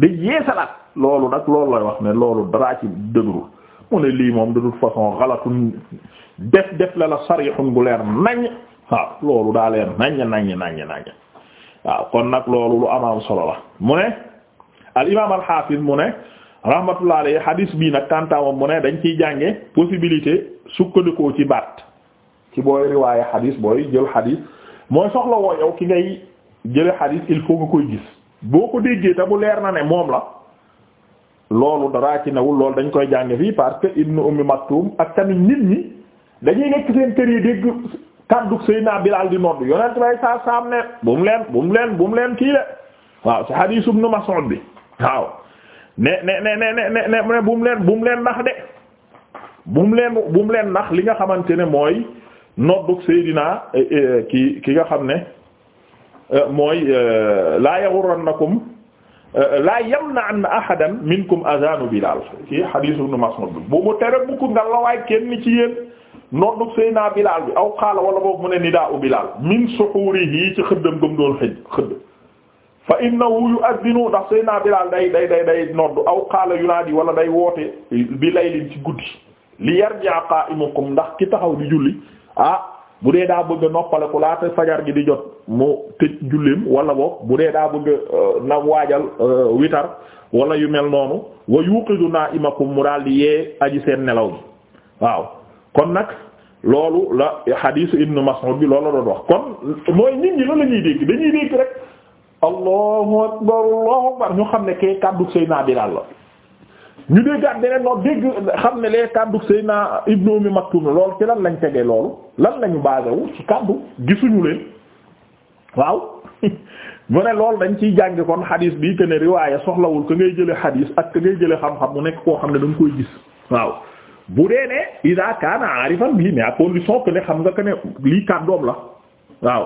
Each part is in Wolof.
day yeesalaat loolu nag loolu lay wax ne loolu daraa ci dëgërul mu ne lii moom de toute façon xalatun def def la la sarixun gu leer naññ waaw loolu daa leer naññ naññ naññ waaw kon nag loolu lu amaam solo la mu ne al imaam al xaafis mu ne rahmatullah alayhi hadis bii nag tàntaamam mu ne dañ ciy jànge possibilité sukkandikoo ci baat ci booy riwaaye hadis booy jël hadis mooy soxla woo yow ki ngay jële hadis il faut nga koy gis boo ko déggee te mu leer na ne moom la loolu daraa ci newul lool dañ koy jàng fii parce que in ummi maktum ak tamit nit ñi dañuy nekk seen kër yi dégg kaddu Seydina Bilaal di nodd yonent bay saa saam ne leen bu leen bu waaw ci hadiis ibnu bi waaw ne ne ne ne leen bu mu leen nax de bu leen bu leen nax li nga xamante ne mooy noddu Seydina eh, eh, ki ki nga xam ne mooy euh, laa yaghurrannakum euh, laa yamna'anna ahadan minkum azanu Bilal ci hadiisu Ibn Mas'ud bi bu mu tere bu ko ngalla waay kenn ci yéen noddu Seyna Bilal bi aw qaala wala boog mu ne nidaa'u Bilal min suhuurihi ci xëddam gëm doon xëj xëdd fa innahu yu'adhdhinu ndax Seyna Bilal day day day day noddu aw qaala yunaadi wala day woote bi laylin ci guddi li yarji'a qaa'imukum ndax ki taxaw di julli ah. bu dee daa bëgg a noppaleku laata fajar gi di jot mu tëj jullim wala boog bu dee daa bëgg euh, na waajal euh, witar wala yu mel noonu wa yuqidu na'imakum mu daal yee aji seen nelaw bi waaw kon nag loolu la hadith Ibn Mas'ud bi loolu la doon wax kon mooy nit ñi la ñuy dégg dañuy dégg rek allahu akbar allahu akbar ñu xam ne kay kàddu Seydina Bilaal la ñu déggaat beneen noonu dégg xam ne les kàddu Seydina naa Ummi Maktum la loolu ci lan lañ tegee loolu lan lañu basé wu ci kàddu gisuñu leen waaw mu ne lool dañ ciy jàngi kon xadiis bi que ne riwaaya soxlawul ka ngay jële xadiis ak ka ngay jële xam-xam mu nekk koo xam ne da nga koy gis waaw bu dee ne ida kaana aarifan bii mais à condition que ne xam nga que ne lii kàddoom la waaw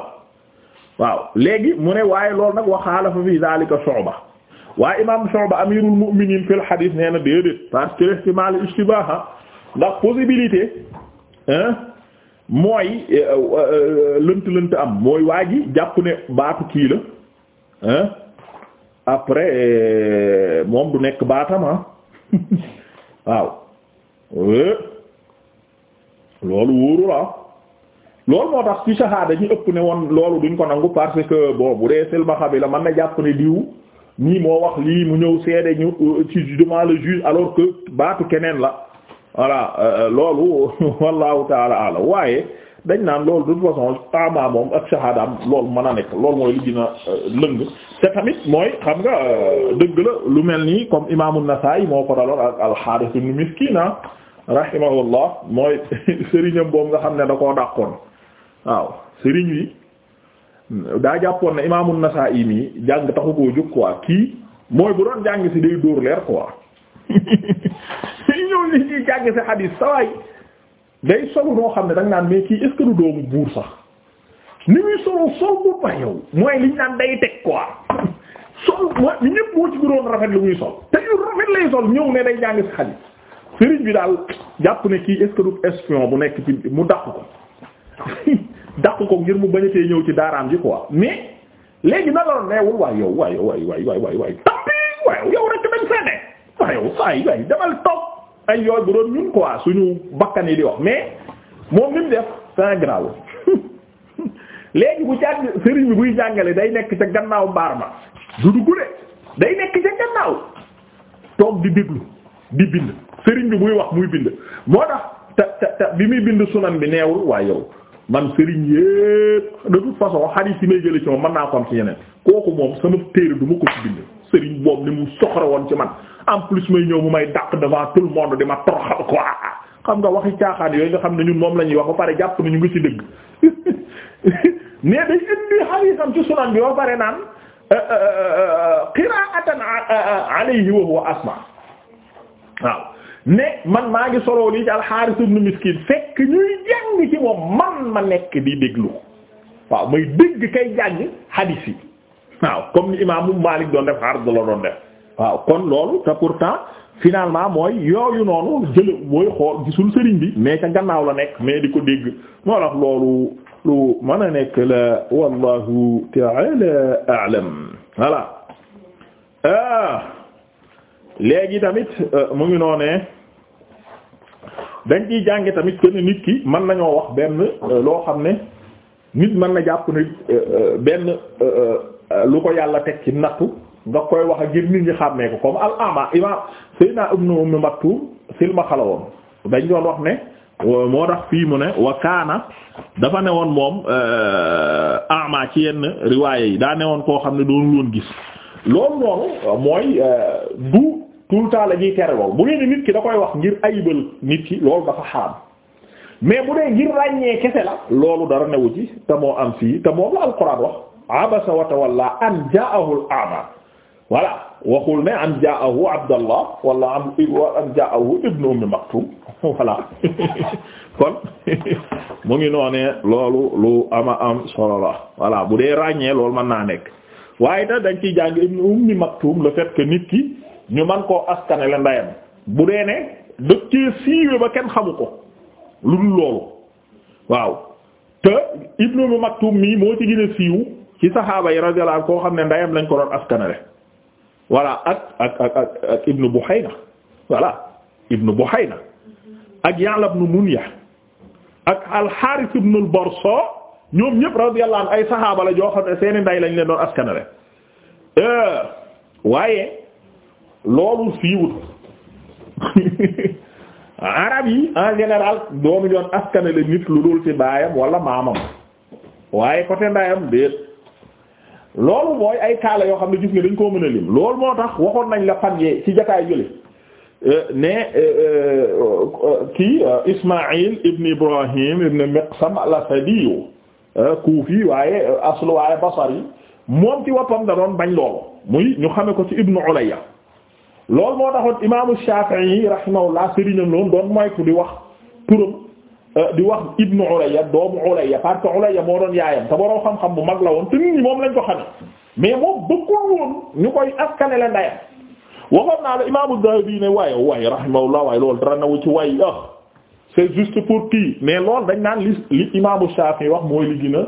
waaw léegi mu ne waaye loolu nag wax waxaala fa fi zalika Shu'ba waa imam Shu'ba amirul mu'minin fil hadith nee na déedéet parce que ihtimal ishtibaha ndax possibilité mooy euh, euh, lënt lënt am mooy waa ji jàpp ne baatu kii la hein après euh, moom du nekk baatama waaw loolu wóoru la loolu moo tax ci saxaada ñu ëpp ne woon loolu duñ ko nangu parce que bon bu dee selmaxa bi la mën na jàpp ne diw nii moo wax lii mu ñëw seede ñu ci devant le juge alors que baatu keneen la voilà euh, loolu wallahu taala waaye dañ naan loolu de toute façon ama moom ak shahadaam loolu mën a nekk loolu mooy li euh, lëng te tamit mooy xam nga euh, dëgg la lu mel nii comme imaamu Nasaa'i moo ko daloon ak al-Haaris ibn Miskiina ah, rahimahullah mooy sëriñam boobu nga xam ne da koo dàqoon waaw sëriñ wi daa jàppoon ne imaamu Nasaa'i mi jàng taxu koo jóg quoi kii mooy bu doon jàng ci day dóor leer quoi ñëw ni kii jàng ci xadiis sawaay day solu noo xam ne danga naan mais kii est doomu buur sax ni muy solo sol bu ba yow mooy liñ naan day teg quoi sol lu muy sol te yu rafet ñëw ne day jàng ci xadiis sëriñ bi daal jàpp ne kii est espion bu nekk ci mu dàq ko dàq ko ngir mu bañ a ñëw ci daaraam ji quoi mais léegi na la neewul waay yow waay waay waay waay waay waay tappi waay demal toog ay yooyu bu doon ñun quoi suñu bakkan yi di wax mais moom li mu def c'est grave léegi bu jàng sëriñ bi buy jàngale day nekk ca gannaaw mbaar ma du dugg de day nekk ca gannaaw toog di déglu di bind sëriñ bi buy wax muy bind moo tax te te te bi muy bind sunan bi neewul waay yow. man sëriñ yépp de toute façon xadiis yi may jële ci moom mën naa ko am ci yeneen kooku moom sama téere du ma ko ci bind sëriñ boobu ni mu soxra woon ci man en plus may ñëw mu may dàq devant tout le monde di ma toroxal quoi xam nga waxi caaxaan yooyu nga xam ne ñun moom la ñuy wax ba pare jàpp ñu ngi ci dëgg mais day indi xadiisam ci sunan bi ba pare naan euh, euh, euh, qira'atan alayhi wa huwa asma waaw ne man maa ngi soloo lii ci alxaaris ibnu miskiin fekk ñuy jàng ci moom man ma nekk di déglu waaw may dégg kay jàng hadith yi waaw comme ni imaamu Maalik doon def xaar la doon def waaw kon loolu te pourtant finalement mooy yooyu noonu jële booy xool gisul sëriñ bi mais ca gannaaw la nekk mais di ko dégg moo tax loolu lu mën a nekk la wallahu ta'ala a'lam voilà ah. léegi tamit euh, mu ngi noonee dañ ciy jànge tamit que nit ki mën nañoo wax benn euh, loo xam ne nit mën na jàpp ni euh, euh, benn lu ko yàlla teg ci nattu nga koy wax ngir nit ñi xàmmee ko comme al ama imam Seydina Ibnu Ummi Maktum silma xalawoon dañ doon wax ne moo tax fii mu ne wakaana dafa ne woon moom ama ci yenn riwaaye yi daa ne woon koo xam ne doon loon gis loolu noonu mooy du tout le temps la ñuy tere lool nit ki da koy wax ngir ayibal nit ki loolu dafa xaram mais bu dee ngir ràññee kese la loolu dara newu ci te moo am fii te moom la alquran wax abasa wa tawalla an ja'ahu al-a'ma voilà waxul ne an wala am an ja'ahu ibnu ummi maktum voilà kon mu ngi noonee loolu lu ama am solo la voilà bu dee ràññee loolu mën naa nekk waaye da dañ ciy jàng ibnu ummi maktum le fait que nit ki ñu man koo askanele ndeyam bu dee ne dëkk ci siiwe ba kenn xamu ko lu dul loolu waaw te Ibnu Umm Maktum mii moo ci gën a siiw ci saxaaba yi radiyallahu anhu koo xam ne ndeyam lañ ko doon askanele voilà ak ak ak ak ak Ibnu Buhayna voilà Ibnu Buhayna ak Ya'la ibnu Munya ak al-Harith ibnu al-Barsa ñoom ñëpp radiyallahu anhu ay saxaaba la joo xam ne seeni ndey lañ leen doon askanele euh, waaye loolu siiwut arab yi en général doomu ñoon askanale nit lu dul ci baayam wala maamam waaye côté ndayam loolu mooy ay kaala yoo xam ne gis nga dañ koo mën a lim loolu moo tax waxoon nañ la fan ci jataay jële euh, ne euh, euh, kii Ismaïl ibn Ibrahim ibn Miqsam al kuufi waaye aslu waaye basari moom ci woppam da doon bañ loolu muy ñu xame ko ci Ibn Ulayya loolu moo taxoon imaamu Shafi'i rahimahullah sëriñam loonu doon moytu di wax turam euh, di wax ibnu Ulayya doomu Ulayya parce que moo doon yaayam te boroo xam-xam bu mag la woon te nit ñi moom lañ ko xamee mais moom bëggul woon ñu koy askane la ndayam waxoon naa la imaamu Dhahabi ne waaye waaye rahimahullah waaye loolu dara nawu ci waay ah c'est juste pour mais lool dañ naan li li imaamu Shafi'i wax mooy li gën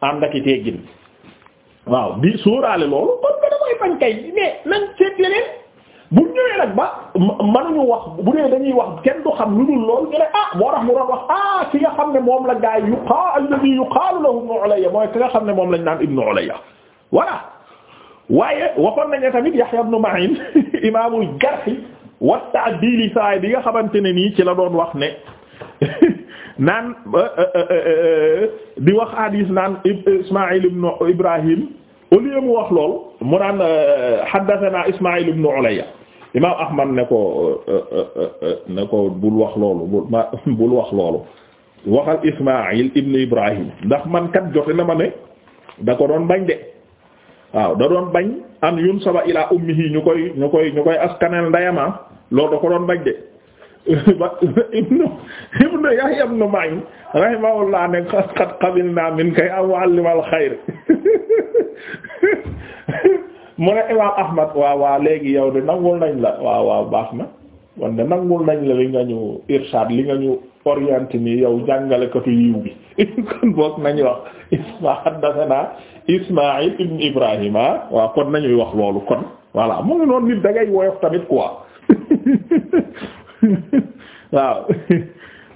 ak i teggin waaw di sóoraale loolu bu ñëwee nag ba mënuñu wax bu dee dañuy wax kenn du xam lu dul lool ñu ne ah mu doon wax ah ki nga xam ne moom la gaa yu xaa alladhi yuqaalu lahu ibnu ulayya mooy ki nga xam ne moom lañ naan ibnu ulayya voilà waaye waxoon nañu tamit yahya ibnu ma'in imaamul jarh wa ta'dil saay bi nga xamante ne nii ci la doon wax ne naan euh, euh, euh, di wax hadis naan ismail ibnu ibrahim au lieu mu wax lool mu naan haddathana ismail ibnu ulayya imaam Ahmad ne ko euh, euh, euh, ne ko bul wax loolu bul ma bul wax loolu waxal Ismaïl ibn Ibrahim ndax man kat jote ma ne da ko doon bañ de waaw da doon bañ an yun saba ila ummihi ñu koy ñu koy ñu koy askanel ndayama ah, loolu da ko doon bañ de ibnu ibnu Yahya ibn Ma'in rahimahullah ne qad qabilna minka ya mu'allim al-khayr mu ne imaam Ahmad waaw waaw léegi yow de nangul nañ la waa waa baax na wan de nangul nañ la li nga ñu irshad li nga ñu orienté ni yow jàngalekatu yiw bi kon boog nañu wax isma haddathana Ismaïl ibn Ibrahima waaw kon nañuy wax loolu kon voilà mu ngi noonu da ngay woyof tamit quoi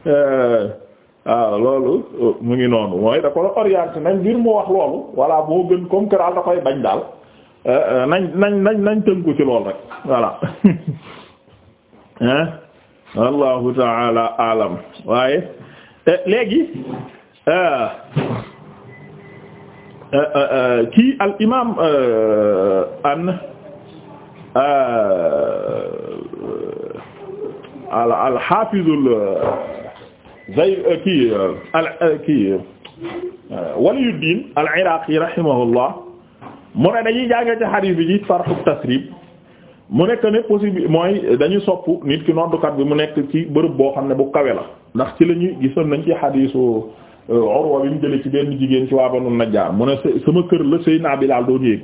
euh, loolu euh, mu ngi noonu mooy da ko orienté nañ ngir mu wax loolu voilà boo gën comme que da koy bañ daal Euh, euh, nañ nañ nañ nañ tënku ci lool rek voilà hein wallahu taala alam waaye euh, léegi kii al imam an al al hafizul zay kii al kii waliyuddin al iraqi rahimahullah mu ne dañuy jàngee ci xadiis bi ci sarxu tasrib mu nekk ne possible mooy dañu sopp nit ki noddukat bi mu nekk ci bërëb boo xam ne bu kawe la ndax ci la ñuy gisoon nañ ci xadiisu euh, Urwa bi mu jëlee ci benn jigéen ci waa Banu Najjaar mu ne sama kër la Seydina Bilaal doon yéeg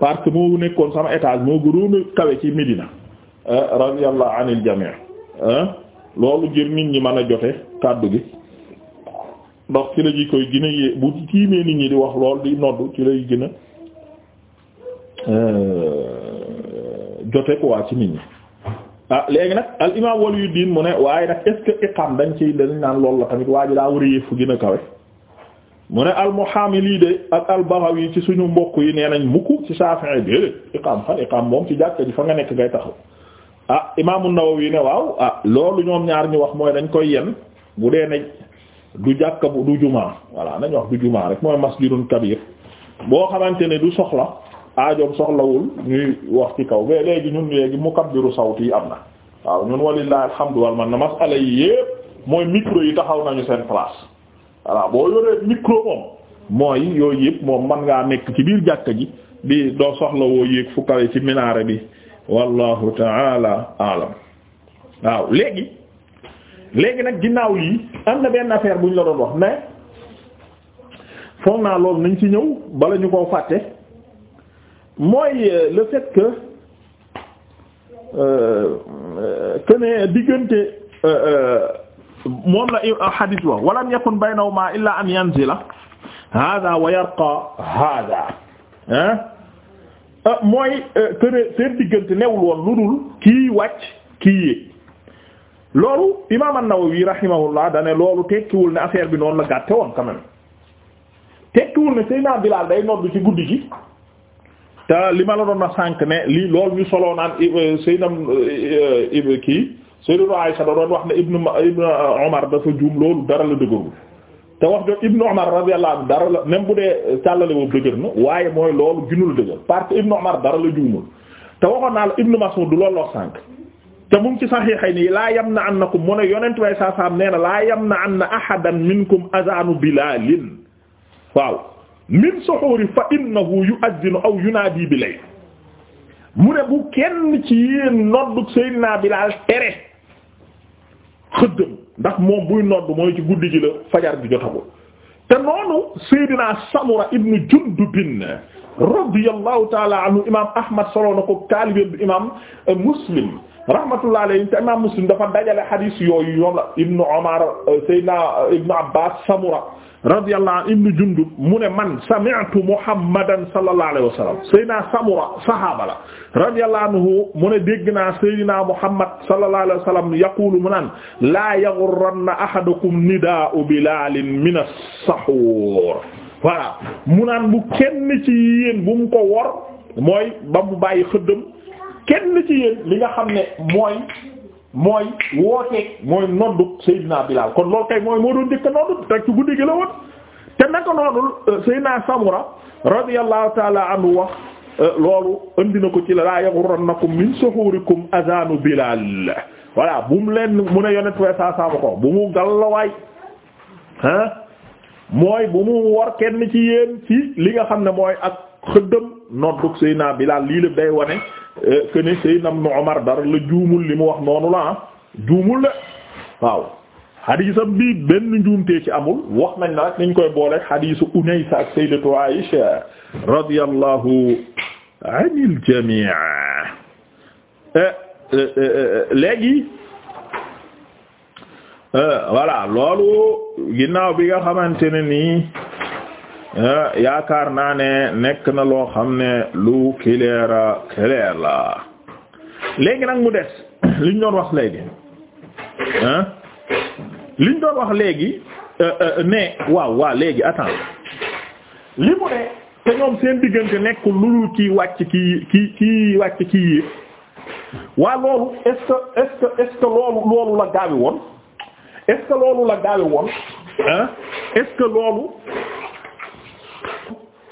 parce que moo nekkoon sama étage moo gënoon a kawe ci Médina euh, radiyallahu anil jamii euh, loolu ngir nit ñi mën a jote kàddu gi ndox ci la ji koy gën a bu tiimee nit ñi di wax lool di noddu ci lay gën Euh, jote quoi ci nit ñi ah léegi nag al imaam Waliyuddin mu ne waaye nag est ce que iqam dañ ci dañ naan loolu la tamit waa ji daa war a yëfu gën a kawe mu ne al Muhaamili de ak al Baghawi ci suñu mbokk yi nee nañ mukk ci Shafi'i déedéet iqam fan iqam moom ci jàkka ji fa nga nekk ngay taxaw a ah, imaam an-Nawawi ne waaw ah loolu ñoom ñaar ñu wax mooy dañ koy yen mu dee ne du jàkka bu du jumaa voilà nañ wax du jumaa rek mooy masjidun kabir boo xamante ne du soxla aajoom soxlawul ñuy wax ci kaw mais léegi ñun léegi mukabbiru sawti yi am na waaw ñun walillahi alhamdu wal man na masala yi yépp mooy micro yi taxaw nañu seen place voilà boo yoree micro moom mooy yooyu yépp moom man ngaa nekk ci biir jàkka ji di doo soxlawoo yéeg fu kawe ci minaare bi wallahu taala alam waaw léegi léegi nag ginnaaw lii am na benn affaire bu ñu la doon wax mais foog naa loolu nañ ci ñëw bala ñu koo fàtte mooy euh, le kë que euh, euh, diggante moom la hadith wax walam yakun baynahuma illa an yanzila hada wa yarqa hada mooy que ne diggante newul woon lu dul kii wàcc kii yéeg loolu imaam an-Nawawi rahimahullah da ne loolu tekkiwul ne affaire bi noonu la gàtte woon quand même tekkiwul ne Seydina Bilaal day noddu ci guddi gi te li ma la doon na sànq ne li lool ñu soloo naan euh, sayyidam euh, euh, kii sayyidatu Aisha da doon wax ne ibnu ibnu Umar dafa juum loolu dara la dëgërul te wax jox ibnu Umar radiyallahu anhu dara la même bu dee càllale boobu dëgër na waaye mooy loolu ginul dëgër parce ibnu Umar dara la juumul te waxoon naa la ibnu Mas'ud du loolu wax sànq te mu ngi ci saxiixayni yi laa yam na annakum mu ne yonent way saa saam nee na laa yam na anna ahadan minkum azanu Bilalin waaw min suxuuri fa innahu yu'adhdhinu aw yunaadi bi lay mu ne bu kenn ci yéen noddug Seydina Bilaal tere xëddëm ndax moom buy nodd mooy ci guddi gi la fajar gi jotagul te noonu Seydina Samura ibnu Jundubin radiyallahu ta'ala anhu imaam Ahmad solo na ko taalibe bi imaam Muslim rahmatullah alayhi te imam muslim dafa dajale hadith yooyu yoom la ibnu omar euh, saydna ibnu abbas samura radiyallahu anhu ibnu jundub mu ne man sami'tu muhammadan sallallahu alayhi wa sallam saydna samura sahaaba la radiyallahu anhu mu ne dégg naa saydna muhammad sallallahu alayhi wa sallam yaqulu mu naan laa yaghurranna ahadakum nidaa'u bilaalin min as-sahuur voilà mu naan bu kenn ci yéen bu mu ko wor mooy ba mu bàyyi xëddam kenn ci yéen li nga xam ne mooy mooy wooteeg mooy noddu Seydina Bilal kon loolu kay mooy moo doon njëkk a noddu ci guddi gi la woon te naka noonul euh, Seydina Samura radiyallahu taala anhu wax euh, loolu andi na ko ci la laa yaghurrannakum min suhurikum azanu Bilal voilà bu mu leen mu ne yonent fee saa ko bu mu gallawaay ah mooy bu mu war kenn ci yéen ci li nga xam ne mooy ak xëddëm noddug Seydina Bilaal lii lépp day wane euh, que ne Seydina Umar dara la juumul li mu wax noonu la ah juumul la waaw xadiisam bii benn njuumtee ci amul wax nañ la rek niñ koy boole xadiisu Unaysa ak Sayyidatu Aïsha radiyallahu anil jamii euh, euh, léegi voilà loolu ginnaaw bi nga xamante ne nii Eh, yaakaar naa ne nekk na loo xam ne lu kileera kileer la léegi nag mu des liñ doon wax léegi ah liñ doon wax léegi eh, ne waaw waa léegi attends li mu ne te ñoom seen diggante nekkul lu kii wàcc kii kii kii wàcc kii yépp waa loolu est-ce que est-ce que est loolu la gaawi woon est-ce que loolu la gaawi woon ah est loolu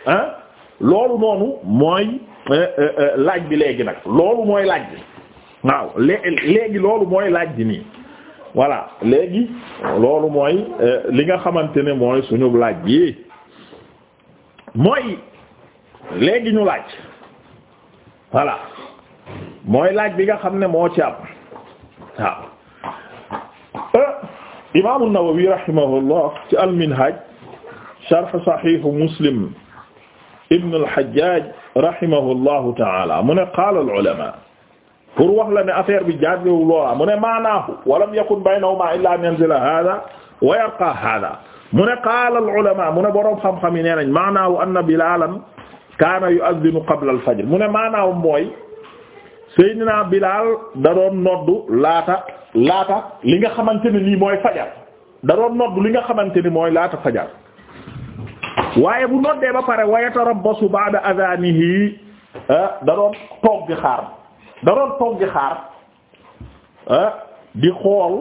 ah loolu noonu mooy euh, euh, euh, laaj bi léegi nag loolu mooy laaj bi léegi loolu mooy laaj bi nii voilà léegi loolu mooy li nga xamante ne mooy suñu laaj bi mooy léegi ñu laaj voilà mooy laaj bi nga xam ne moo ci am waaw imaamu Nawawi rahimahullah ci al-Minhaj sharh Sahih Muslim Ibn al-Hajjaj rahimahullahu ta'ala mu ne qaala al-ulama pour wax la ne affaire bi jaajëwul loola mu ne maanaahu walam yakun baynahuma illa an yanzila hada wa yarqa hada mu ne qaala al-ulama mu ne boroom xam-xam yi nee nañ maanaahu anna Bilalan kaana yu'adhdhinu qabla al-fajr mu ne maanaahu mooy Seydina Bilal da doon noddu laata laata li nga xamante ne nii mooy fajar da doon noddu li nga xamante ni mooy laata fajar. waaye bu noddee ba pare wa yatarabbasu ba'da adhanihi da doon toog di xaar da doon toog di xaar di xool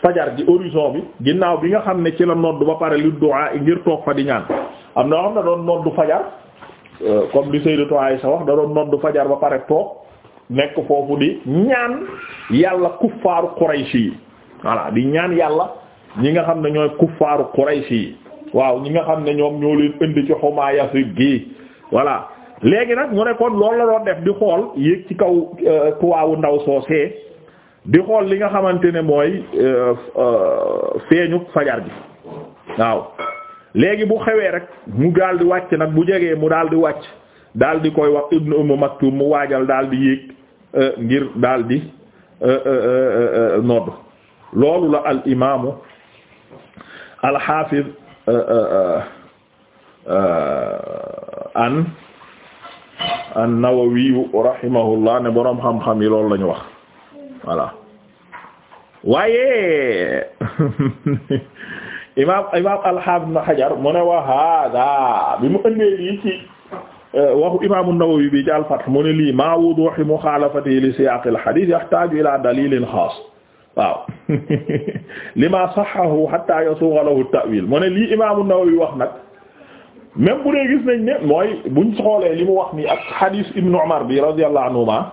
fajar ji horizon bi ginnaaw bi nga xam ne ci la nodd ba pare lu du'a ngir toog fa di ñaan am na xam ne doon nodd fajar comme li Sayyidatu Aisha wax da doon nodd fajar ba pare toog nekk foofu di ñaan yàlla kuffaaru Qurayshi yi voilà di ñaan yàlla ñi nga xam ne ñooy kuffaaru Qurayshi yi waaw ñi nga xam ne ñoom ñoo leen indi ci xuma Yasrib gi voilà léegi nag mu ne kon loolu la doon def di xool yéeg ci kaw tuwaawu euh, ndaw soosee di xool li nga xamante ne mooy euh, euh, feeñu fajar gi waaw léegi bu xewee rek mu daal di wàcc nag bu jegee mu daal di wàcc daal di koy wax Ibnu Umm Maktum mu waajal daal di yéeg ngir daal di nodd loolu la al imaamu al Euh, euh, euh, an an-Nawawi rahimahullah ne boroom xam-xam yi loolu la ñu wax voilà waaye imaam imaam al-Hafiz Ibn Hajar mu ne wa hada bi mu ëndee lii ci waxu imaam an-Nawawi bi ci al-Fath mu ne lii ma wuduhi mukhalafati li siyaq al-hadith yahtaju ila dalilin khas waaw lima saxahu hatta yasuuga lahu ta'wil mu ne lii imaamu Nawawi wax nag même bu dee gis nañ ne mooy buñ xoolee li mu wax nii ak hadis Ibnu Umar bi radiyallahu anhuma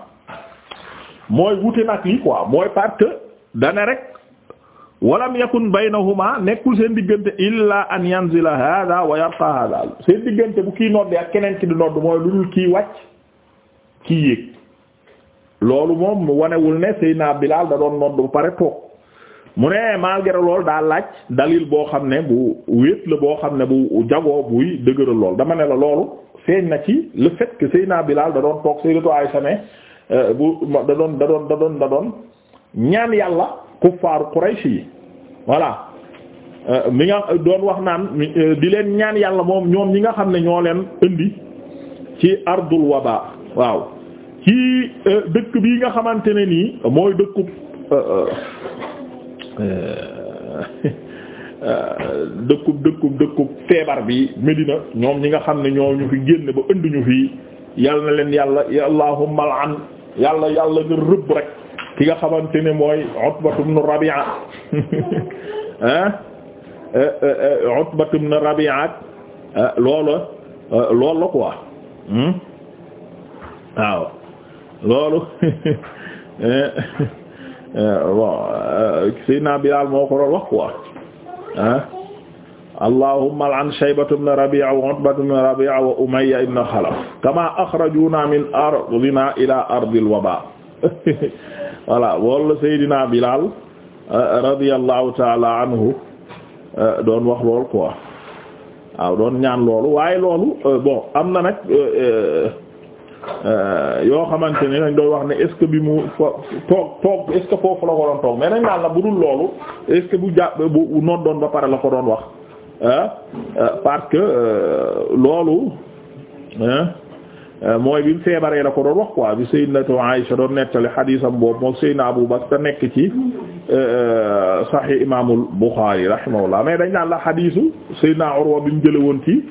mooy wute nag lii quoi mooy parce que dana rek walam yakun baynahuma nekkul seen diggante illa an yanzila hada wa yarqa hada seen diggante bu kii nodde ak keneen ki di nodd mooy lu dul kii wàcc kii yéeg loolu moom wanewul ne Seydina Bilaal da doon nodd bu pare toog mu ne malgré lool daa laaj dalil boo xam ne bu wéet la boo xam ne bu jagoo buy dëgëral lool dama ne la loolu feeñ na ci le fait que Seydina Bilaal da doon toog Sayyidatu Aysa ne euh, bu da doon da doon ñaan yàlla kuffaaru Quraysh yi voilà euh, mi nga doon wax naan euh, di leen ñaan yàlla moom ñoom ñi nga xam ne ñoo leen indi ci ardul waba waaw ci euh, dëkk bii nga xamante ne nii mooy dëkku dëkkub dëkkub dëkkub feebar bi Medina ñoom ñi nga xam ne ñoo ñu fi génn ba ënd ñu fii yàlla na leen yàlla allahumma al'an yàlla yàlla nga rëbb rek ki nga xamante ne mooy Utbatu ibn Rabi'a ah euh, euh, Utbatu ibn Rabi'a loolu loolu la quoi hmm? waaw loolu eh, eh, bon eh, Seydina Bilaal moo ko doon wax quoi ah allahumma al'an Shaybata ibn Rabi'a wa Utbata ibn Rabi'a wa Umayya ibn Khalaf kama akhrajuna min ardina ila ardil waba voilà loolu la Seydina Bilaal radiyallahu ta'ala anhu doon wax lool quoi waaw doon ñaan loolu waaye loolu bon am na nag Euh, yoo xamante ne dañ doy wax ne est-ce que bi mu toog toog est foofu la ko doon toog mais nañ naan la bu dul loolu est bu jàpp bu noon doon ba pare la ko doon wax euh, parce que euh, loolu mooy bi mu feebaree la ko doon wax quoi bi sayyidatu Aïsha doon nettali xadiisam boobu moom sayyidna Abu Bakr te nekk ci Sahih Imaamul Bukhari rahimahullah mais dañ naan la xadiisu sayyidna Urwa bi mu jëlee woon ci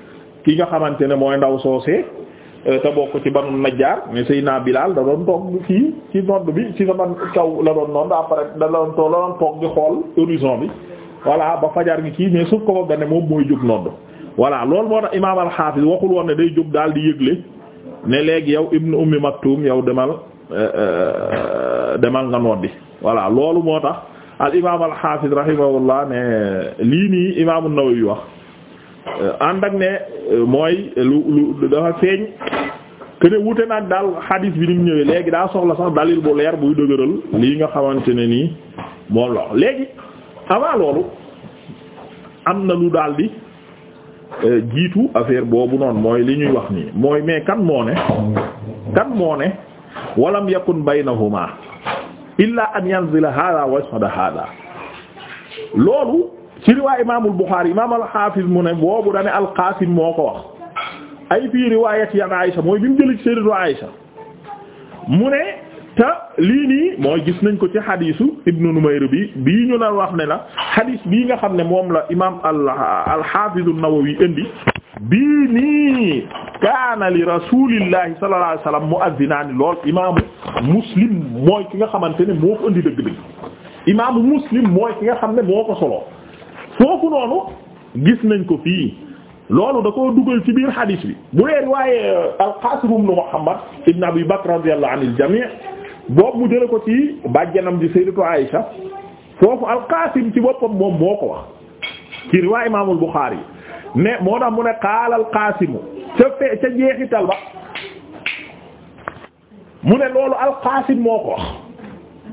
ki nga xamante ne mooy ndaw soosee Eh, te bokk ci banu najjaar mais Seydina Bilal da doon toog fii ci nodd bi ci sama kaw la doon nodd après da doon toog la doon xool horizon bi voilà ba fajar gi kii mais suuf ko foofu da ne moom mooy jóg nodd voilà loolu moo tax al waxul woon ne day jóg daal di yëgle ne léegi yow ibnu ummi maktum yow demal eh, eh, demal nga noddi loolu moo tax al imaam al-Hafiz rahimahullah ne lii nii imaam an-Nawawi wax Euh, ànd ak ne euh, mooy lu lu dafa feeñ kene wute nag daal xadiis bi ni mu ñëwee léegi daa soxla sax dalil bu leer buy dëgëral lii nga xamante ne nii moom la léegi avant loolu am na lu daal di euh, jiitu affaire boobu noonu mooy li ñuy wax nii mooy mais kan moo ne kan moo ne walam yakun baynahuma illa an yanzila hada wa yasada hada loolu ci riwaay imaamul Buxaari imaam al-Hafiz mu ne boobu dane al-Qasim moo ko wax ay fii riwaayat yan Aysa mooy bi mu jëlee ci sayyidatu mu ne te lii ni mooy gis nañ ko ci xadiisu Ibnu Numayr bi bii ñu na wax ne la xadiis bii nga xam ne moom la imaam al al-Hafiz an-Nawawi indi bii nii kaana li rasuulillahi sallallahu alayhi wasallam mu'azzinaani lool imaamu Muslim mooy ki nga xamante ne moo ko indi dëgg-dëgg imaamu Muslim mooy ki nga xam ne moo ko solo foofu noonu gis nañ ko fii loolu da koo dugal ci biir hadis bi bu dee riwaaye euh, al-Qasim ibn Muhammad ibn Abi Bakr radiyallahu anil jami' boobu mu jële ko ci bàjjanam di Sayyidatu Aisha foofu al ci boppam moom moo ko wax ci riwaay Imam al-Bukhari yi ne moo tax mu ne qaala al-Qasim ca fe ca jeexital ba mu ne loolu al moo ko wax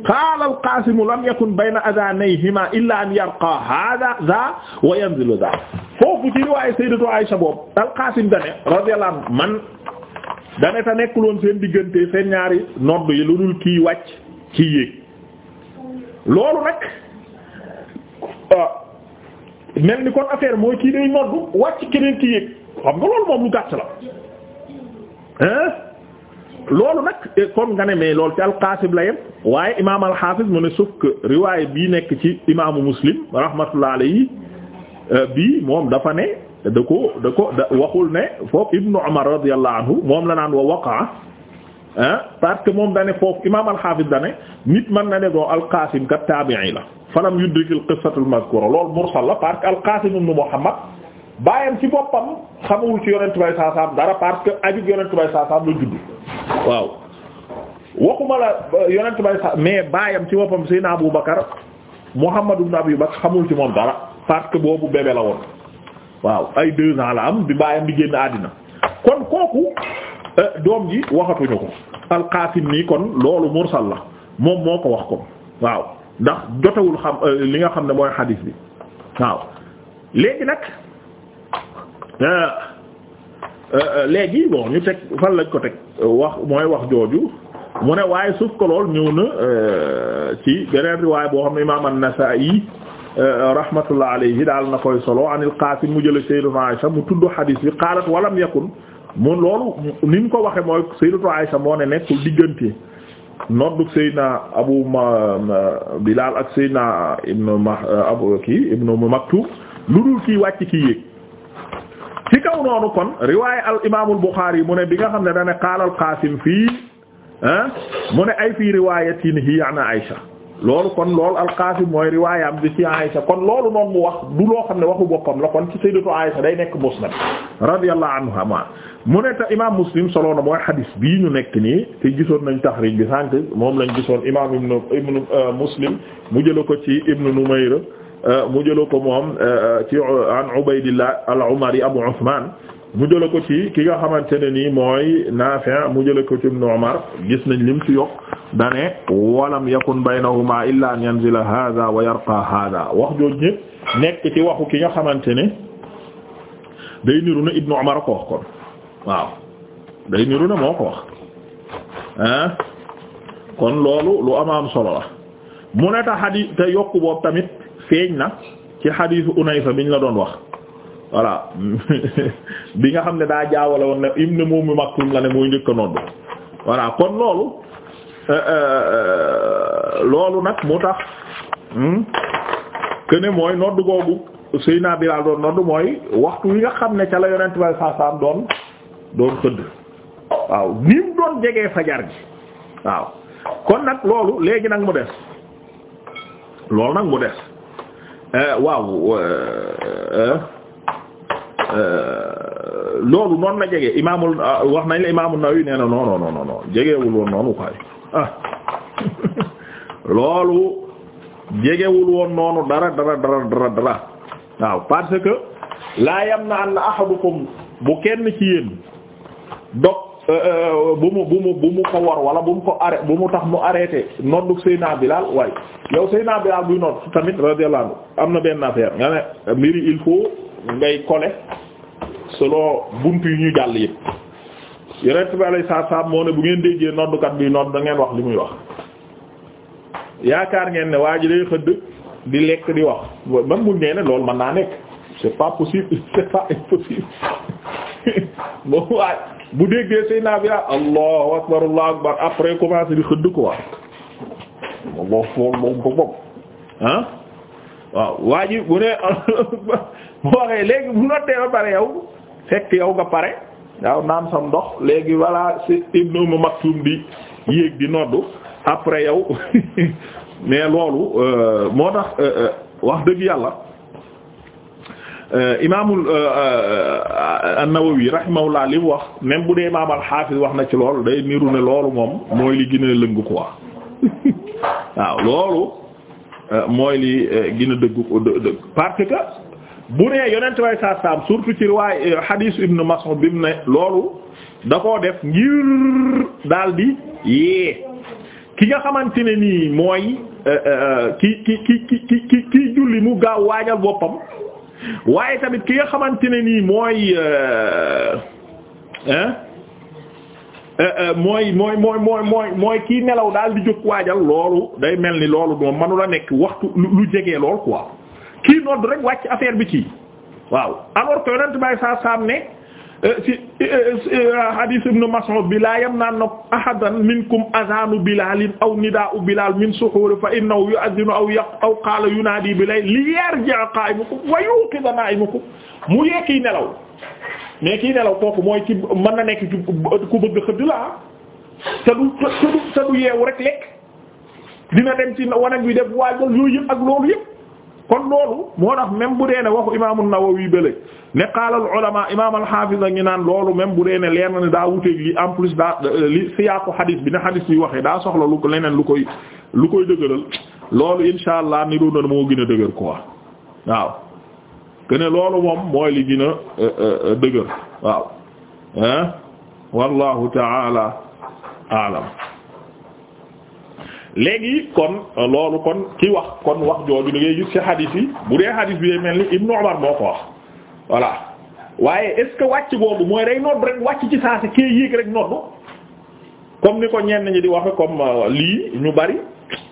qaala al-Qaasimu lam yakun bayna adaanayhimaa illaa an yarqaa haadaa zaa wa yanzilu zaa foofu ci riwaayu Sayyidatu Aysa boobu al-Qaasim dane radiyallahu anhu man dane ta nekkuloon seen diggante seen ñaari nodd yi lu dul kii wàcc kii yéeg loolu nag ah, mel ni kon affaire mooy kii day nodd wàcc keneen kii yéeg xam nga loolu moom lu gàtt la hein loolu nag eh, comme nga ne lool loolu ci alqaasim la yem waaye imaam alxaafis mu ne sukk riwaay bii nekk ci imaamu muslim rahmatullah alayhi eh, bii moom dafa ne da waxul ne foofu ibnu umar radiyallahu anhu moom la naan wa waqaa ah que moom dane foofu imaam alxaafis dane nit mën na ne doo alqaasim kat taabi'i la falam yudrik al qissatu al mursal la parce que alqaasim muhammad baayam ci boppam xamawul ci yonent bay saasaam dara parce que ajug yonent bay saasaam la judd waaw waxuma la yonent bay sa mais baayam ci boppam Seydina Abu Bakar Muhammad ibn Abi Bakar xamul ci moom dara parce que boobu bébé la woon waaw ay deux ans la am bi baayam di génn àddina kon kooku euh, doom ji waxatuñu ko al-Qasim nii kon loolu mursal la moom moo ko wax ko waaw ndax jotewul xam euh, li nga xam ne mooy xadiis bi waaw léegi nag Euh, euh, euh, léegi bon ñu teg fan lañ ko teg wax mooy wax jooju mu ne waaye suuf ko lool ñëw na ci beneen riwaay boo xam ne imaam an-Nasaa'i rahmatullah alayhi daal na koy solo anil Qaasim mu jële sayyidatu Aysa mu tudd xadiis bi qaalat walam yakun mu loolu ni mu ko waxe mooy sayyidatu Aysa moo ne nekkul diggante noddug Seydina Abu Bilaal ak Seydina ibnu ma abu kii ibnu Maktum lu dul kii wàcc kii yéeg ci kaw noonu kon riwaay al imaamul Buxaari mu ne bi nga xam ne dane qaalal Qaasim fii ah mu ne ay fii ya hiya ay Aysa loolu kon lool al Qaasim mooy am bi ci Aysa kon loolu noonu mu wax du loo xam ne waxu boppam la kon ci sayyidatu Aysa day nekk musnad radiyallahu anha mu ne te imaam Muslim solo na mooy xadis bii ñu nekk nii te gisoon nañ taxriij bi sànq moom lañ gisoon imaam ibnu ibnu euh, Muslim mu jëla ko ci ibnu Numayr Euh, mu jëla ko moom euh, ci euh, an Ubaydillah al-Umari Abu Usman mu jëla ko ci ki nga xamante ne nii mooy Naafi' mu jëla ko ci Ibn Umar gis nañ lim ci yokk dane walam yakun baynahuma illa an yanzila hadha wa yarqa hadha wax jooj ñépp nekk ci waxu ki nga xamante ni day niru na Ibn Umar ko wax kon waaw day niru na moo ko wax kon loolu lu amaam solo mu ne ta xadi te yokku boobu tamit feeñ na ci xadiisu Unaysa biñ la doon wax voilà bi nga xam ne daa jaawale woon ne im ne moom Maktum la ne mooy njëkk nodd voilà kon loolu euh, euh, euh, loolu nag moo tax hmm, que mooy nodd googu Seydina Bilaal doon nodd mooy waxtu wi nga xam ne ca la yonent bay saasaam doon doon xëdd waaw ni mu doon jegee fajar gi waaw kon nag loolu léegi nag mu des loolu nag mu des Eh, waaw eh, eh, loolu noonu na jege imaamul ah, wax nañ la imaamu Nawawi nee na non non non non jegewul woon noonu quoi ah loolu jegewul woon noonu dara dara dara dara waaw parce que laa yam na an ahadukum bu kenn ci yéen dog Euh, euh, bu mu bu mu bu mu ko war wala bu mu ko arrêté bu mu tax mu arrêté noddu Seyna Bilal waaye yow Seyna Bilal buy nodd tamit radiyallahu am na benn affaire nga ne mbiri il faut ngay kole selon buntu yu ñu jàll yëpp yonent bi alayhi salaatu moo ne bu ngeen déggee noddukat bi nodd da ngeen wax li muy wax yaakaar ngeen ne waa ji day xëdd di lekk di wax man muñ nee ne loolu mën naa nekk c'est pas possible c'est pas impossible moom waay bu déggee say naa bi ah allahu akbar akbar après commencé di xëdd ko waa boobu boobu boobu ah waaw waa ji bu ne bu waxee léegi bu nottee ba pare yow fekk yow nga pare waaw naan sam ndox léegi voilà si Ibnu Umm Maktum di yéeg di noddu après yow mais loolu euh, moo tax euh, euh, wax dëgg yàlla Euh, imaamul euh, euh, an-Nawawi rahimahullah li wax même bu dee imaam al-Hafiz wax na ci loolu day niru ne loolu moom mooy li gën a lëng ko wax waaw loolu mooy li gën a dëgg ko dëgg parce que bu nee yonent way surtout ci riwaay hadith Ibn Mas'ud bi mu ne loolu da koo def ngir daldi yee ki nga xamante ne nii mooy ki ki ki ki ki ki julli mu gaaw waajal boppam waaye tamit ki nga xamante ne nii mooy euh, euh, euh, mooy mooy mooy mooy mooy mooy kii nelaw daal di jóg waajal loolu day mel ni loolu moom manu la nekk waxtu lu jege lool quoi kii nodd rek wàcc affaire bi ci waaw alors que yonent bay saa saam ne ci euh, euh, euh, hadith ibn Mas'ud bi laa yamna'u ahadan minkum adhanu Bilal aw nidaa'u Bilal min suhuur fa innahu yu'adhdhinu aw yaq aw qaala yunaadi bilayl li yarji'a qaa'imukum wa yuuqiza naa'imukum mu yee kii nelaw mais kii nelaw kooku mooy ci mën na nekk ci ku bëgg xëdd la te du te du te du yeewu rek lekk dina dem ci wanag wi def waajal yooyu yëpp ak loolu yëpp. kon loolu moo tax même bu dee ne waxu imaamu Nawawi bële ne qaala al ulama imaam al naan loolu même bu dee ne leer na ne daa wuteeg li en plus daa li siyaaqu xadis bi ne xadis bi waxee daa soxla lu leneen lu koy lu koy dëgëral loolu insha allah ni doon na moo gën a dëgër quoi waaw que loolu moom mooy li gën euh, euh, dëgër waaw ah wallahu taala alam léegi kon euh, loolu kon ci wax kon wax jooju da ngay gis ci hadis yi bu dee hadis bi mel ni Ibnu Umar moo ko wax voilà waaye est wàcc boobu mooy day nodd rek wàcc ci saa si kee yéeg rek nodd comme ni ko ñenn ñi di waxe comme euh, lii ñu bari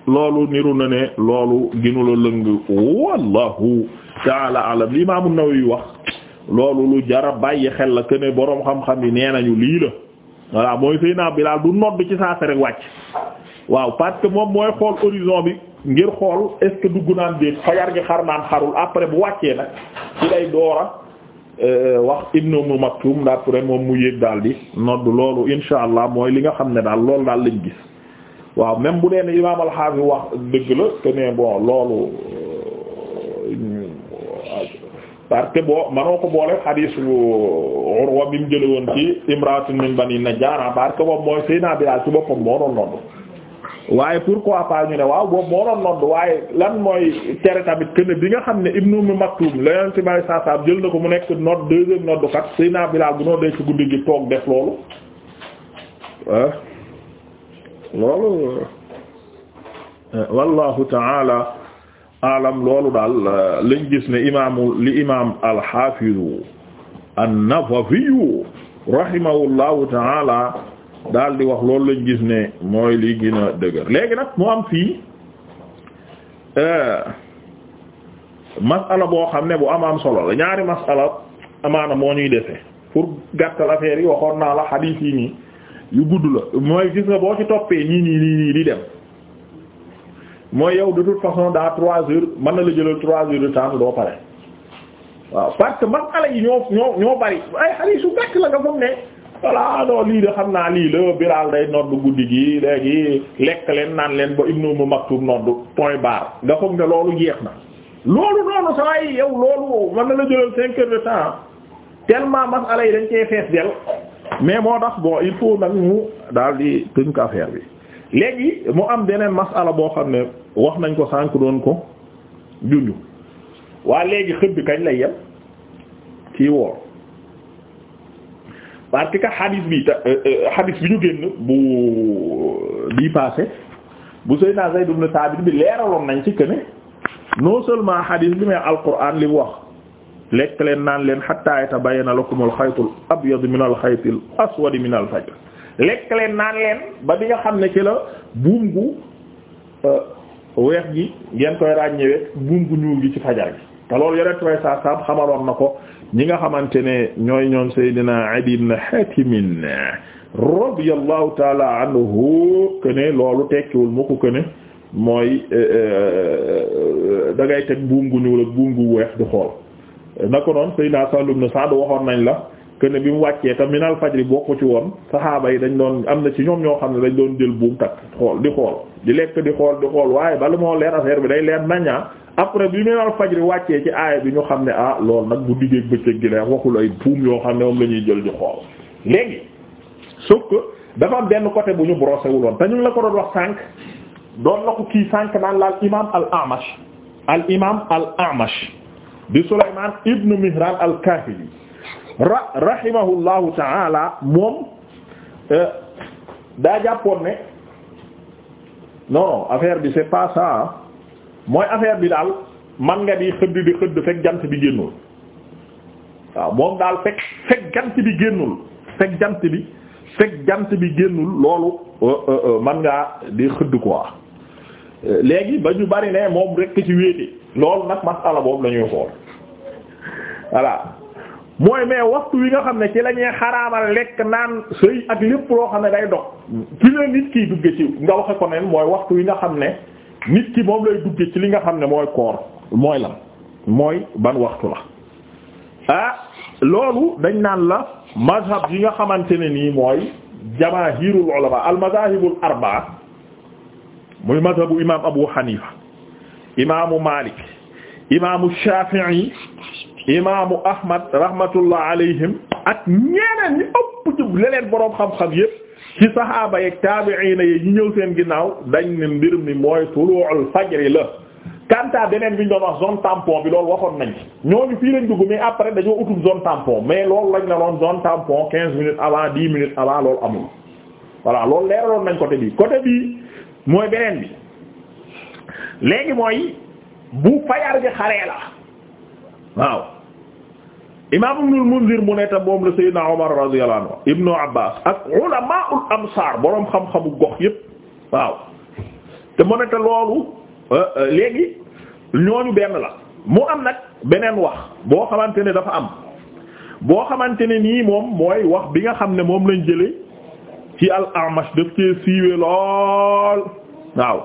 loolu niru na ne loolu ginu la lëng wallahu taala alam li Imaam An-Nawawi wax loolu lu jara bàyyi xel la que boroom xam-xam yi nee nañu lii la voilà mooy Seydina Bilaal du nodd ci saa si rek wàcc waaw parce que moom mooy xool horizon bi ngir xool est-ce dugg naan déet fajar gi xar naan xarul après bu wàccee nag ci lay doora euh, wax Ibnu Umm Maktum d'après moom mu yéeg daal di nodd loolu insha allah mooy li nga xam ne daal loolu daal lañ gis waaw même bu dee ne imaam al-Hafiz wax dëgg la te ne bon loolu euh, parce que boo manoo ko boole xadiis Urwa bi mu jële woon ci imraatun min Bani Najjar ah, parce que moom mooy Seydina Bilaal ci boppam moo doon nodd waaye pourquoi pas ñu ne waaw moo doon nodd waaye lan mooy tere tamit kenn bi nga xam ne Ibnu Ummi Maktum leneen ci bari saa saa jël na ko mu nekk nodd deuxième nodd kat Seydina Bilaal bu noo dee ci guddi gi toog def loolu ah loolu euh, wallahu taala alam loolu daal euh, lañ gis ne imaamu li imaam al-Hafiz an-Nawawi rahimahullahu taala daal di wax loolu lañ gis ne mooy li gën a dëgër léegi nag mu am fii euh, masala boo xam ne bu am am solo la ñaari masala amaana moo ñuy defe pour gàttal affaire yi waxoon naa la xadiis yi nii yu gudd la mooy gis nga boo ci toppee nii nii nii di dem mooy yow de toute façon daa trois heures mën na la jëlal trois heures de temps doo pare waaw parce que masala yi ñoo ñoo bari ay xadiis yu gàtt la nga foog ne voilà non lii de xam naa lii la Bilaal day noddu guddi gi léegi lekk leen naan leen ba Ibnu Umm Maktum noddu point barre nga foog ne loolu jeex na loolu noonu sa waay yow loolu man na la jëlal cinq heures de temps tellement masala yi dañ cee fees del mais moo tax boo il faut nag mu daal di tënk affaire bi léegi mu am beneen masala boo xam ne wax nañ ko sànk doon ko junju waa léegi xëb kañ lay yem ci woor parce que xadis bi ta xadis euh, euh, bi ñu génn bu euh, bii passé bu Seydina Zayd ibn Thabit bi leeraloon nañ ci que ne non seulement xadis bi mais Alquran li mu wax lekk leen naan leen hatta yatabayyana lakumul xaytul abyadu minal xaytil aswadi minal fajr lekk leen naan leen ba bi nga xam ne ci la buum gu weex gi ngeen koy ràññeewee buum gu ñuul gi ci fajar gi te loolu yore tubay saa saam xamaloon na ko. ñi nga xamante ne ñooy ñoom Seydina Adi ibn Hatim radiyallahu taala anhu que ne loolu tekkiwul mu ko que mooy euh, euh, da ngay teg buum gu ñuul ak buum gu weex di xool na ko noonu Seydina Sahl ibn Sa'd waxoon nañ la que bi mu wàccee te minal fajri bokku ci woon saxaaba yi dañ doon am na ci ñoom ñoo xam ne dañ doon jël buum takk xool di xool di lekk di xool di xool waaye bala moo leer affaire bi day leer naññaa après bi minal fajri wàccee ci aaya bi ñu xam ne ah lool nag bu diggeeg bëccëg gi la waxul ay puum yoo xam ne moom la jël di xool léegi sauf que dafa benn côté bu ñu brossé te ñu la ko doon wax sànq doon na ko kii sànq naan la al imam al amash al imam al amash di Sulayman ibnu Mihran al Kahili ra rahimahullahu taala moom euh, daa jàppoon ne non affaire bi c'est pas ça mooy affaire bi daal man nga di xëdd di xëdd fekk jant bi génnul waaw moom daal fekk fekk jant bi génnul fekk jant bi fekk jant bi génnul loolu euh, euh, euh, man ngaa di xëdd quoi léegi ba ñu bari ne moom rekk ci wéete loolu nag masala boobu la xool voilà mooy mais waxtu wi nga xam ne ci la ñuy lekk naan sëy ak lépp loo xam ne day dox ci la nit kiy dugge ci nga waxe ko neen mooy waxtu wi nga xam ne nit ki moom lay dugge ci li nga xam ne mooy koor mooy lan mooy ban waxtu la ah loolu dañ naan la mazhab yi nga xamante ne nii mooy jamaahirul ulama al mazahibul arbaa muy mazhabu imam abu hanifa imaamu malik imaamu shafi'i imaamu ahmad rahmatullah alayhim ak ñeneen ñi ëpp ci leneen boroom xam-xam yépp ci saxaaba yeeg taabi'ina yi na ñu ñëw seen ginnaaw dañ ne mbir mi mooy tulu'ul fajri la kanta beneen bi ñu doon wax zone tampon bi lool waxoon nañ ñooñu fii lañ dugg mais après dañoo utum zone tampon mais loolu lañ la doon zone tampon quinze minutes avant dix minutes avant loolu amul voilà loolu leeraloon nañ côté bi côté bi mooy beneen bi léegi mooy bu fajar gi xaree la waaw imaam Ibnul Munzir mu ne te moom la Seydina Omar radiyallahu anhu Ibnu Abbas ak ulamaa'ul amsaar boroom xam-xamu gox yépp waaw te mu ne te loolu euh, euh, léegi ñooñu benn la mu am nag beneen wax boo xamante ne dafa am boo xamante ne nii moom mooy wax bi nga xam ne moom lañ jëlee ci al-Amash daf cee siiwee lool waaw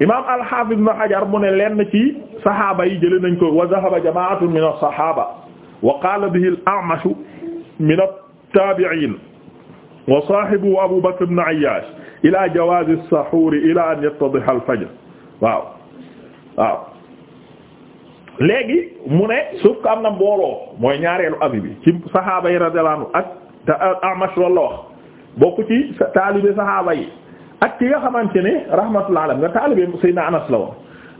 imaam al-Hafiz Ibn Hajar mu ne leen na ci saxaaba yi jëlee nañ ko wa zahaba jamaatun min as-saxaaba wa qaala bihi al-A'mash min at-taabi'iin wa saahibuhu Abu Bakr ibn Ayyaash ilaa jawaazi as-sahuur ilaa an yattadiha al-fajr waaw waaw léegi mu ne suuf ka am na mbooloo mooy ñaareelu abi bi ci saxaaba yi radiyallaahu anhu ak te A'mash loolu la wax bokk ci taalibe saxaaba yi ak ki nga xamante ne rahmatullahi alayhi nga taalibe Seydina Anas la woon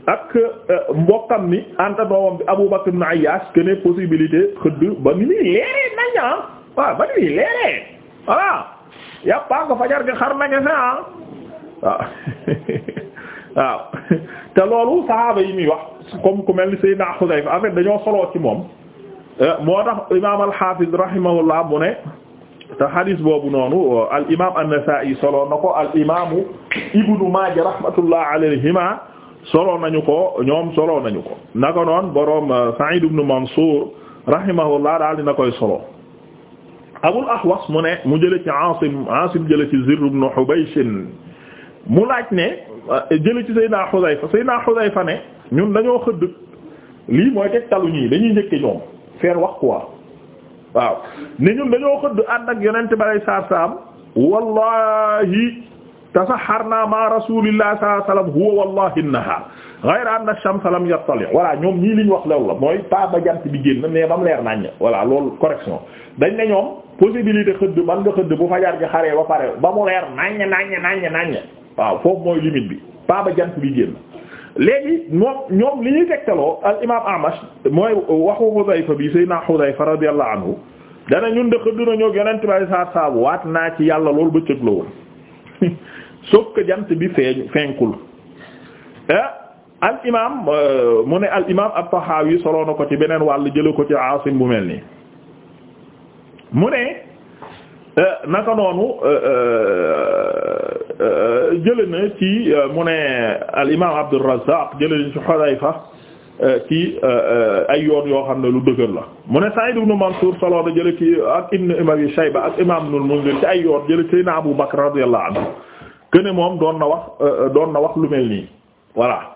ak euh, mbokkam ni anta doomam bi Abu Bakr ibn Ayyash que ne possibilité ba ni muy leeree ah. ba ni muy leeree voilà yàppaa ko fajar gi xar nage sa ah. te loolu sahaaba yi muy wax kom ku mel ni Sayyidina Xudayfa en fait dañoo soloo ci moom euh, moo tax imaam al-Hafiz rahimahullah mu ne te xadis boobu noonu al imam an-Nasa'i soloo na ko al imamu Ibnu Maaja rahmatullah alayhima solo nañu ko ñoom solo nañu ko na naka noon boroom euh, Sa'id ibn Mansur rahimahullah daal dina koy solo Abul Ahwas mu ne mu jële ci Asim Asim jële ci Zirr ibn Hubaysh mu laaj ne euh, jële ci Seydina Hudayfa Seydina Hudayfa ne ñun dañoo xëdd lii mooy teg talu ñii dañuy njëkke ñoom faire wax quoi waaw ne ñun dañoo xëdd ànd ak yonent balay saar saam wallahi tasaharna ma rasulillahi sallallahu alayhi wasallam huwa wallahi an-nahar ghayra anna ash-shams lam yattali voilà ñoom ñii li ñu wax loolu mooy pas ba jant bi génn mais ba mu leer naññ voilà loolu correction dañ ne ñoom possibilité xëdd man nga xëdd bu fajar gi xaree ba pare ba mu leer naññ naññ naññ naññ waaw foofu mooy limite bi pas ba jant bi génn léegi moom ñoom li ñuy tegtaloo al imam Amash mooy waxu wax bi sayna Xudayfa radiyallahu anhu dana ñun de xëdd nañoo yonent bi sallallahu alayhi wasallam waat naa ci yàlla loolu ba cëg la sauf jant bi feeñ fenkul eh, al imaam euh, mu ne al imaam at-Tahawi soloo na ko ci beneen wàll jële ko ci Aasim bu mel nii mu ne euh, naka noonu euh, jële na ci mu ne al imaam Abdur Razzaq jële na ci Hudayfa ci ay yoon yoo xam ne lu dëgër la mu ne Sa'id ibn Mansur soloo na jële ci ak ibn Abi Shayba ak imaam Ibn al-Munzir ci ay yoon jël ci Abu Bakr radiyallahu anhu que ne moom doon na wax euh, euh, doon na wax lu mel nii voilà